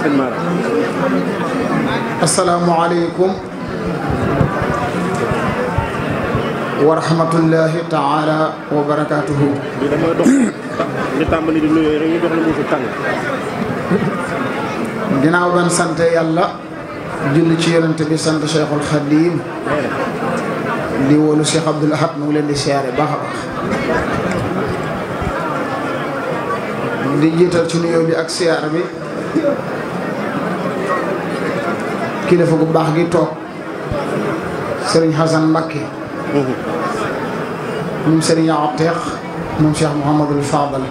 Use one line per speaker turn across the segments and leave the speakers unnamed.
sëñ Mara asalaamualeykum wa taala wa barakaatuhu li damay dox li tàmbali ginnaaw sant yàlla julli ci yonent bi sant Cheikhul Khadim di wóolu Cheikh Abdoul Ahad mu ngi leen di siyaare baax a baax di jiital ci nuyoo ak siyaar bi kilifa gu baax gi toog Serigne Hassan Mbacké mu Serigne Atiq moom Cheikh Mouhamadul Fadal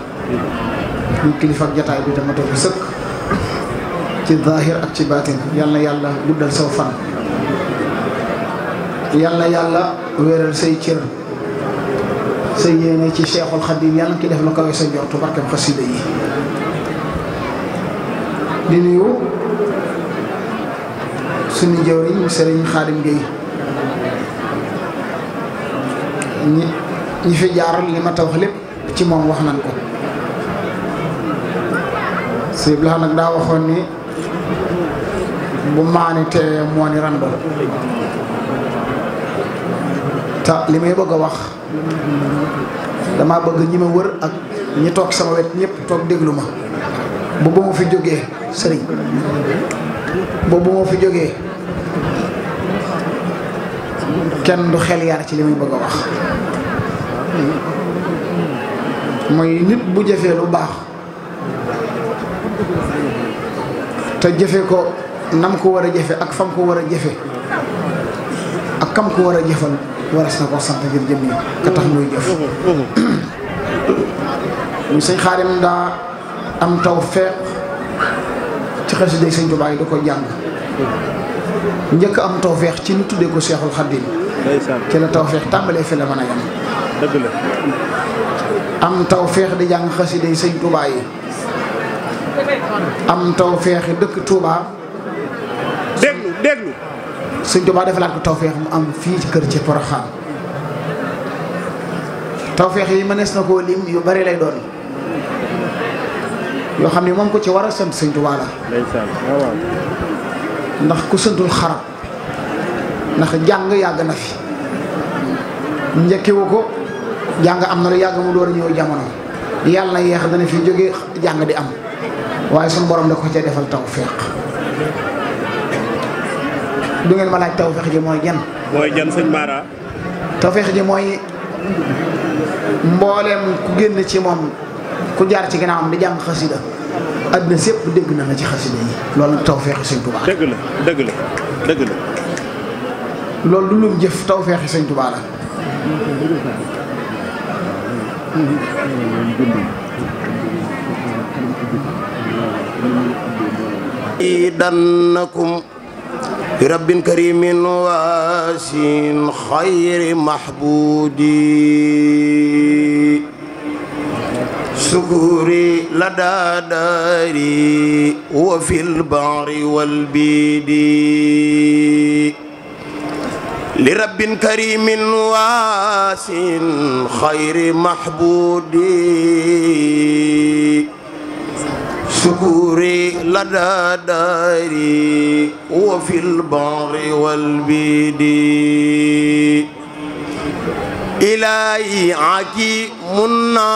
ñu kilifa ak jataay bi dama toog sëkk ci zahir ak ci baatin yal yàlla guddal saw fan yal na yàlla wéeral say cër sa yéene ci Cheikhul Khadim yàlla ki def la kawe sa njortu barkam xasida yi di nuyu suñu jëwriñ Serigne Khadim Gueye ñi ñi fi jaar li ma ta wax lépp ci moom wax nañ ko si bilax nag daa waxoon ni bu maani teewee moo ni randol te li may bëgg a wax dama bëgg ñi ma wër ak ñi toog sama wet ñëpp toog déglu ma bu ba fi jógee sëriñ boobu moo fi jógee kenn du xel yar ci li muy bëgg a wax mooy nit bu jëfee lu baax te jëfe ko nam ko war a jëfe ak fam ko war a jëfe ak kam ko war a jëfal waras na ko sant ngir jëm yi ka tax muy jëf ñu sëñ Xaadim daa am taw feex ci xasida sëñ Tuubaa yi du ko jàng njëkk am tawfeex ci ñu tuddee ko Seexul Xaddiim ci la tawfeex tàmbalee fi la mën a yem dëgg am tawfeex di jàng xasida yi sëñ Tuubaa yi am tawfeex dëkk tuuba déglu déglu sëñ Tuubaa defalaat ko tawfeex mu am fii kër ci Poroxaan tawfeex yi mënees na koo lim yu bari lay doon yoo xam ne moom ko ci war a sant sëñ Tuubaa la ndax ku santul xarab ndax jàng yàgg na fi njëkkiwu ko jàng am na lu yàgg mu door a ñëw jamono yàlla na yeex dana fi jóge jàng di am waaye suñu borom da ko ca defal tawféex du ngeen ma laaj tawféex ji mooy
jan mooy jan sëñ Mara
tawféex ji mooy mbooleem ku génn ci moom ku jaar ci am di jàng xasida àddina sépp dégg na la ci xasida yi loolu nag tawfeexi sëñ
Tuubaa la dëgg la dëgg la
loolu lu lum jëf tawfeexi
xayri mahbudi سكوري لدى داري وفي البحر والبيد لرب كريم واس خير محبود سكوري لدى داري وفي البحر والبيد إلهي عكيمنا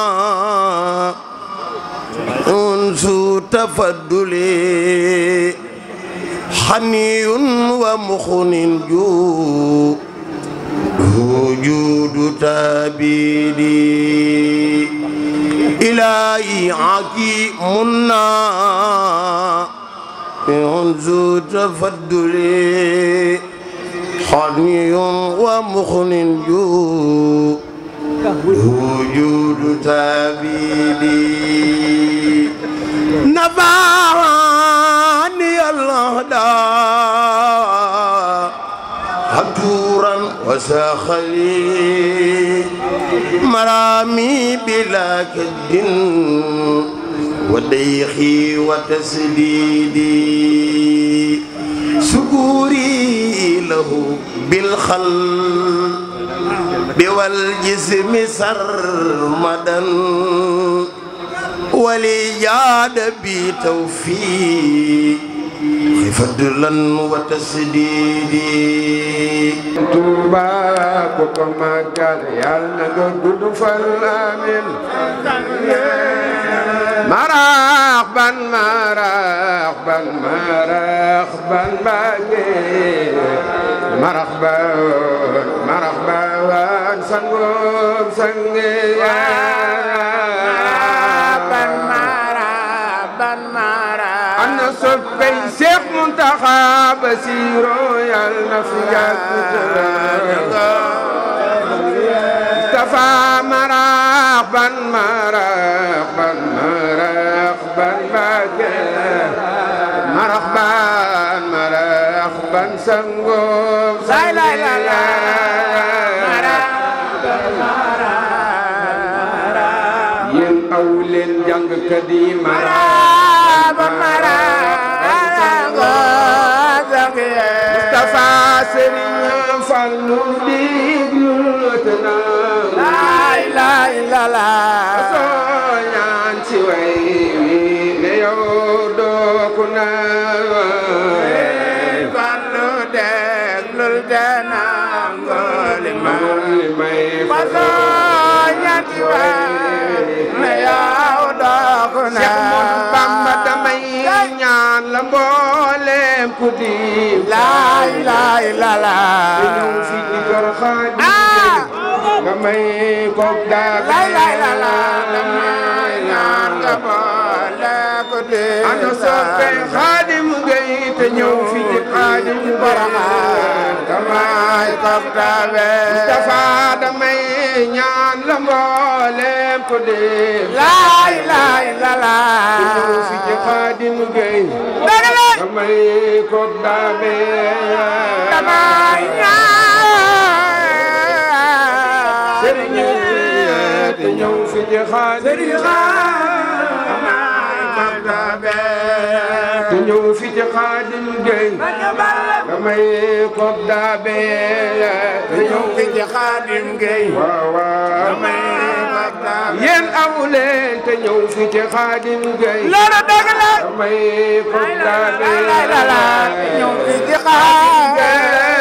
أنسو تفضلي حني ومخن جو وجود تابيدي إلهي عكيمنا أنسو تفضلي حني ومخن وجود تابيدي نفعني الهدى هدورا وساخلي مرامي بلا كد وديخي وتسديدي شكوري له بالخلب والجسم سرمدا وليجاد بتوفيق
فضلا وتسديدي توباك كما قال يالنا قد فالامن مرحبا مرحبا مرحبا مرحبا بك مرحبا مرحبا سنغوم سنغيا مرحبا مرحبا مرحبا أنا صبي شيخ منتخب بسيرو يا النفيا مصطفى مرحبا مرحبا sangoo say lay la la yéen aw leen jàngkat yi mara ba mara sangoo sangi Mustafa Serigne Fall nu diglu te na lay lay la la soo ñaan ci way wi ne yow doo ku naa ana soppe xaadim gay te ñëw fi ci xaadim barama may kaf tawe dafa damay ñaan la mboolem ko dem laay laay la laay ñu fi ci Xaadim Gey damay ko tawe damay ñaan sëriñ ñëw fi ci Xaadim ñëw fi ci xaadim géy damay koog daabe te ñëw fi ci xaadim géy waaw waaw damay koog daabe yéen amu leen te ñëw fi ci xaadim géy loolu dëgg la damay koog daabe te ñëw fi ci xaadim géy